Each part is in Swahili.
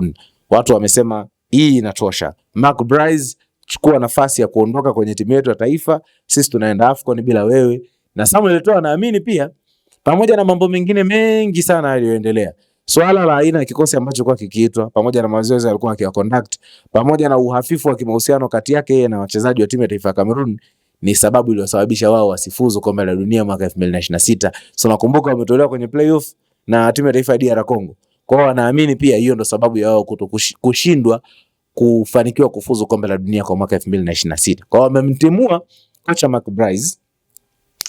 Cameroon. Watu wamesema hii inatosha. Mark Bryce, chukua nafasi ya kuondoka kwenye timu yetu ya taifa, sisi tunaenda AFCON bila wewe. Na Samuel Eto'o anaamini pia, pamoja na mambo mengine mengi sana yaliyoendelea, swala la aina ya kikosi ambacho kwa kikiitwa, pamoja na mazoezi alikuwa akiyaconduct, pamoja na uhafifu wa kimahusiano kati yake yeye na wachezaji wa timu ya taifa ya Cameroon ni sababu iliyosababisha wao wasifuzu kombe la dunia mwaka 2026. So nakumbuka wametolewa kwenye playoff na timu ya taifa ya DR Congo kwao wanaamini pia hiyo ndo sababu ya wao kutokushindwa kufanikiwa kufuzu kombe la dunia kwa mwaka 2026. Kwa hiyo wamemtimua kocha Mark Bryce,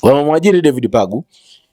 wamemwajiri David Pagu.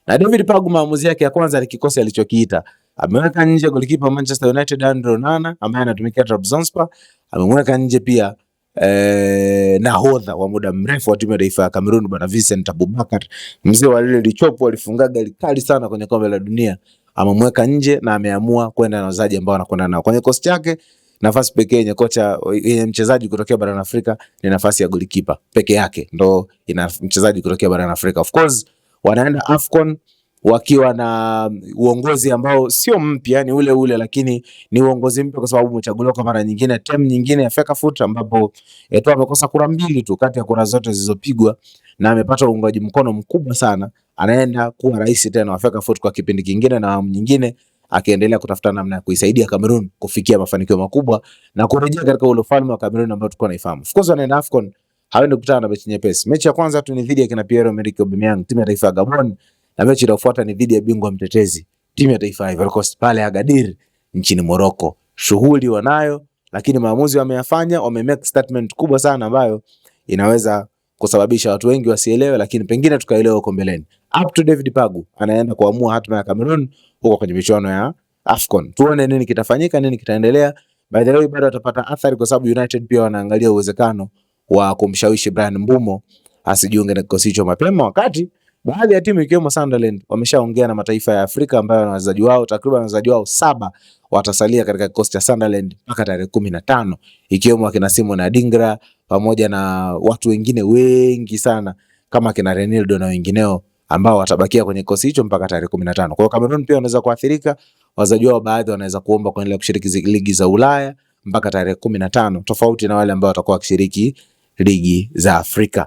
Na David Pagu maamuzi yake ya kwanza ni kikosi alichokiita. Ameweka nje golikipa Manchester United Andre Onana ambaye anatumikia Trabzonspor, amemweka nje pia Eh, nahodha wa muda mrefu wa timu ya taifa ya Cameroon bwana Vincent Abubakar, mzee wa lile lichopo alifungaga likali sana kwenye kombe la dunia amemweka nje na ameamua kwenda na wachezaji ambao anakwenda nao kwenye kosti yake. Nafasi pekee yenye kocha yenye mchezaji kutokea barani Afrika ni nafasi ya golikipa peke yake, ndo ina mchezaji kutokea barani Afrika. Of course wanaenda AFCON wakiwa na uongozi ambao sio mpya, ni ule ule, lakini ni uongozi mpya kwa sababu umechaguliwa kwa mara nyingine, term nyingine ya Fecafoot, ambapo Etoo amekosa kura mbili tu kati ya kura zote zilizopigwa na amepata uungaji mkono mkubwa sana. Anaenda kuwa rais tena wa Fecafoot kwa kipindi kingine na awamu nyingine, akiendelea kutafuta namna ya kuisaidia Cameroon kufikia mafanikio makubwa na kurejea katika ule ufalme wa Cameroon ambao tulikuwa tunaifahamu. Of course anaenda AFCON, hawezi kukutana na mechi nyepesi. Mechi ya kwanza tu ni dhidi ya kina Pierre-Emerick Aubameyang, timu ya taifa ya Gabon na mechi iliyofuata ni dhidi ya bingwa mtetezi timu ya taifa ya Ivory Coast pale Agadir nchini Morocco. Shughuli wanayo, lakini maamuzi wameyafanya, wame make statement kubwa sana ambayo inaweza kusababisha watu wengi wasielewe, lakini pengine tukaelewa huko mbeleni. Up to David Pagu anaenda kuamua hatima ya Cameroon huko kwenye michuano ya Afcon. Tuone nini kitafanyika, nini kitaendelea. By the way, bado watapata athari kwa sababu United pia wanaangalia uwezekano wa kumshawishi Brian Mbumo asijiunge na kikosi hicho mapema wakati Baadhi ya timu ikiwemo Sunderland wameshaongea na mataifa ya Afrika ambayo na wachezaji wao takriban wachezaji wao saba watasalia katika kikosi cha Sunderland mpaka tarehe kumi na tano ikiwemo akina Simon Adingra pamoja na watu wengine wengi sana kama akina Renildo na wengineo ambao watabakia kwenye kikosi hicho mpaka tarehe kumi na tano. Kwa hiyo Cameroon pia wanaweza kuathirika, wachezaji wao baadhi wanaweza kuomba kuendelea kushiriki ligi za Ulaya mpaka tarehe kumi na tano tofauti na wale ambao watakuwa wakishiriki ligi za Afrika.